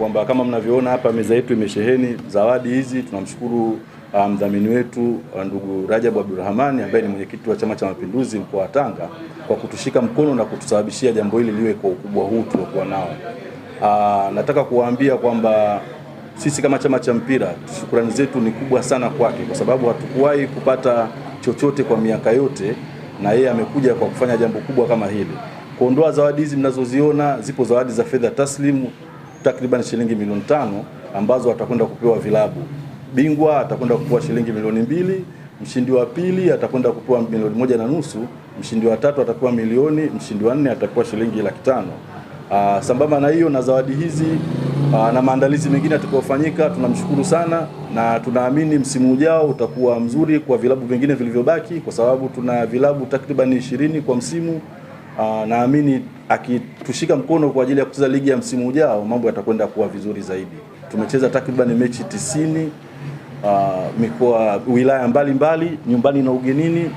kwamba kama mnavyoona hapa meza yetu imesheheni zawadi hizi. Tunamshukuru ah, mdhamini um, wetu ah, ndugu Rajabu Abdulrahmani ambaye ni mwenyekiti wa Chama cha Mapinduzi mkoa wa Tanga kwa kutushika mkono na kutusababishia jambo hili liwe kwa ukubwa huu tuliokuwa nao. Uh, nataka kuwaambia kwamba sisi kama chama cha mpira shukrani zetu ni kubwa sana kwake, kwa sababu hatukuwahi kupata chochote kwa miaka yote, na yeye amekuja kwa kufanya jambo kubwa kama hili. Kuondoa zawadi hizi mnazoziona, zipo zawadi za fedha taslimu takriban shilingi milioni tano ambazo atakwenda kupewa vilabu. Bingwa atakwenda kupewa shilingi milioni mbili, mshindi wa pili atakwenda kupewa milioni moja na nusu, mshindi wa tatu atapewa milioni, mshindi wa nne atapewa shilingi laki tano. Aa, ah, sambamba na hiyo na zawadi hizi aa, ah, na maandalizi mengine atakayofanyika, tunamshukuru sana na tunaamini msimu ujao utakuwa mzuri kwa vilabu vingine vilivyobaki, kwa sababu tuna vilabu takriban ishirini kwa msimu uh, naamini akitushika mkono kwa ajili ya kucheza ligi ya msimu ujao mambo yatakwenda kuwa vizuri zaidi. Tumecheza takriban mechi tisini uh, mikoa wilaya mbalimbali mbali, nyumbani na ugenini.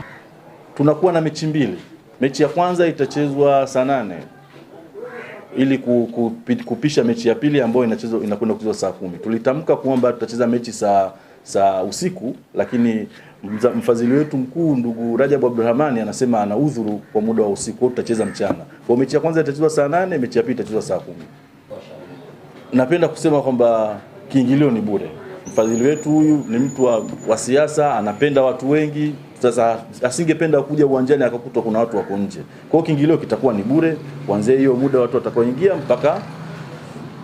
Tunakuwa na mechi mbili. Mechi ya kwanza itachezwa saa nane ili kupisha mechi ya pili ambayo inachezwa inakwenda kuchezwa saa kumi. Tulitamka kuomba tutacheza mechi saa saa usiku lakini mfadhili wetu mkuu ndugu Rajab abdurahmani anasema ana udhuru kwa muda wa usiku, tutacheza mchana. Kwa mechi ya kwanza itachezwa saa nane, mechi ya pili itachezwa saa kumi. Napenda kusema kwamba kiingilio ni bure. Mfadhili wetu huyu ni mtu wa, wa siasa, anapenda watu wengi. Sasa asingependa kuja uwanjani akakutwa kuna watu wako nje. Kwa hiyo kiingilio kitakuwa ni bure kuanzia hiyo muda watu watakaoingia mpaka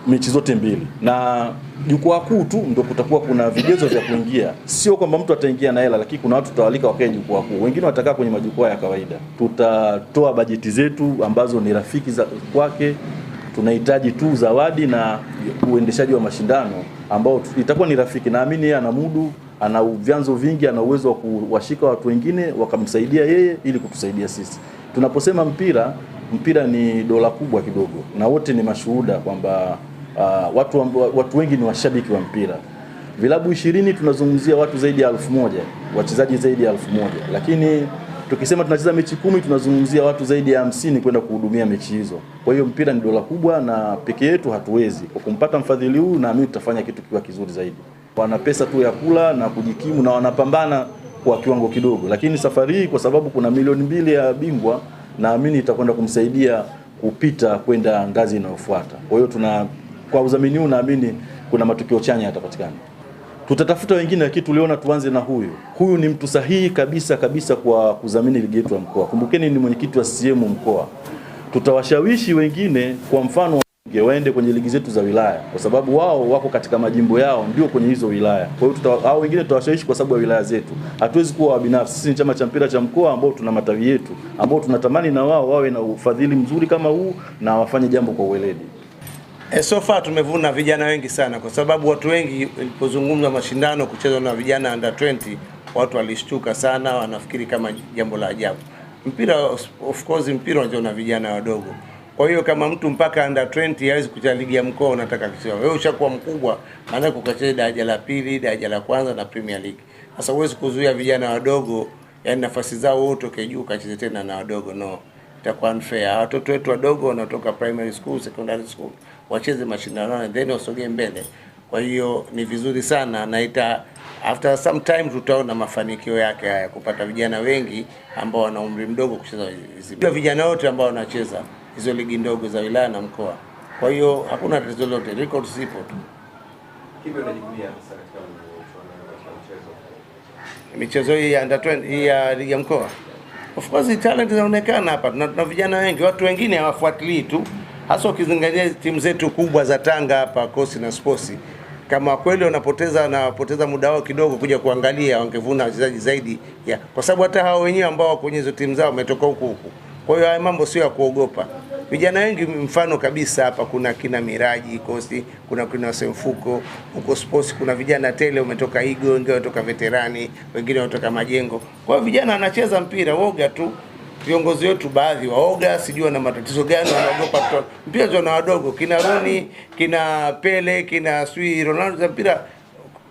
mechi zote mbili, na jukwaa kuu tu ndio kutakuwa kuna vigezo vya kuingia. Sio kwamba mtu ataingia na hela, lakini kuna watu tutawalika wakae jukwaa kuu, wengine watakaa kwenye majukwaa ya kawaida. Tutatoa bajeti zetu ambazo ni rafiki za kwake. Tunahitaji tu zawadi na uendeshaji wa mashindano ambao itakuwa ni rafiki. Naamini yeye ana mudu, ana vyanzo vingi, ana uwezo wa kuwashika watu wengine wakamsaidia yeye ili kutusaidia sisi. Tunaposema mpira, mpira ni dola kubwa kidogo, na wote ni mashuhuda kwamba uh, watu, watu wengi ni washabiki wa mpira. Vilabu ishirini tunazungumzia watu zaidi ya elfu moja wachezaji zaidi ya elfu moja lakini tukisema tunacheza mechi kumi tunazungumzia watu zaidi ya hamsini kwenda kuhudumia mechi hizo. Kwa hiyo mpira ni dola kubwa, na peke yetu hatuwezi. Kwa kumpata mfadhili huu, naamini tutafanya kitu kiwa kizuri zaidi. Wana pesa tu ya kula na kujikimu, na wanapambana kwa kiwango kidogo, lakini safari hii kwa sababu kuna milioni mbili ya bingwa, naamini itakwenda kumsaidia kupita kwenda ngazi inayofuata. Kwa hiyo tuna kwa udhamini huu naamini kuna matokeo chanya yatapatikana. Tutatafuta wengine, lakini tuliona tuanze na huyu. Huyu ni mtu sahihi kabisa kabisa kwa kudhamini ligi yetu ya mkoa. Kumbukeni ni mwenyekiti wa CCM mkoa. Tutawashawishi wengine, kwa mfano waende kwenye ligi zetu za wilaya, kwa sababu wao wako katika majimbo yao, ndio kwenye hizo wilaya. Kwa hiyo tuta, au wengine tutawashawishi kwa sababu ya wilaya zetu. Hatuwezi kuwa binafsi. Sisi ni chama cha mpira cha mkoa ambao tuna matawi yetu, ambao tunatamani na wao wawe na ufadhili mzuri kama huu na wafanye jambo kwa uweledi. E, so far tumevuna vijana wengi sana, kwa sababu watu wengi ilipozungumza mashindano kuchezwa na vijana under 20 watu walishtuka sana, wanafikiri kama jambo la ajabu. Mpira of course, mpira unachezwa na vijana wadogo. Kwa hiyo kama mtu mpaka under 20 hawezi kucheza ligi ya mkoa, unataka kisiwa, wewe, ushakuwa mkubwa, maana yake ukacheza daraja la pili, daraja la kwanza na Premier League. Sasa huwezi kuzuia vijana wadogo, yani nafasi zao wote juu ukacheze tena na wadogo, no, itakuwa unfair. Watoto wetu wadogo wanatoka primary school, secondary school wacheze mashindano then wasogee mbele. Kwa hiyo ni vizuri sana na ita after some time tutaona mafanikio yake haya, kupata vijana wengi ambao wana umri mdogo kucheza hizi, vijana wote ambao wanacheza hizo ligi ndogo za wilaya na mkoa. Kwa hiyo hakuna tatizo lolote, record zipo tu. Michezo hii ya under 20 hii ya ligi ya mkoa, of course talent zinaonekana hapa, tuna vijana wengi, watu wengine hawafuatilii tu hasa ukizingatia timu zetu kubwa za Tanga hapa Kosi na Sports, kama kweli wanapoteza wanapoteza muda wao kidogo kuja kuangalia, wangevuna wachezaji zaidi ya, kwa sababu hata hao wenyewe ambao wako kwenye hizo timu zao wametoka huku huku. Kwa hiyo haya mambo sio ya kuogopa. Vijana wengi mfano kabisa hapa, kuna kina Miraji Kosi, kuna kina Semfuko huko Sports, kuna vijana tele, umetoka Igo, wengine wametoka veterani, wengine wametoka majengo. Kwa hiyo vijana wanacheza mpira woga tu viongozi wetu baadhi waoga, sijui wana matatizo gani, wanaogopa mpira za na wadogo, kina Rooney, kina Pele, kina sui Ronaldo za mpira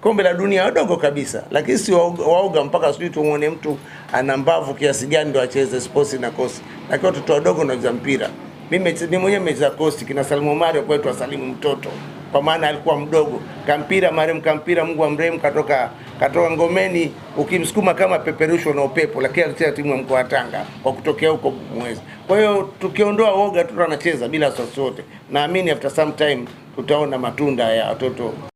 kombe la dunia wadogo kabisa, lakini si waoga mpaka sijui tumwone mtu ana mbavu kiasi gani ndo acheze sports na kosi, lakini watoto wadogo wanacheza mpira. Mimi mwenyewe nimecheza kosi, kina Salimu Mario kwetu asalimu mtoto kwa maana alikuwa mdogo. Kampira marehemu Kampira, Mungu amrehemu, katoka katoka ngomeni, ukimsukuma kama peperusho na upepo, lakini alicheza timu ya mkoa wa Tanga kwa kutokea huko mwezi. Kwa hiyo tukiondoa woga tu anacheza bila wasiwasi wote, naamini after some time tutaona matunda ya watoto.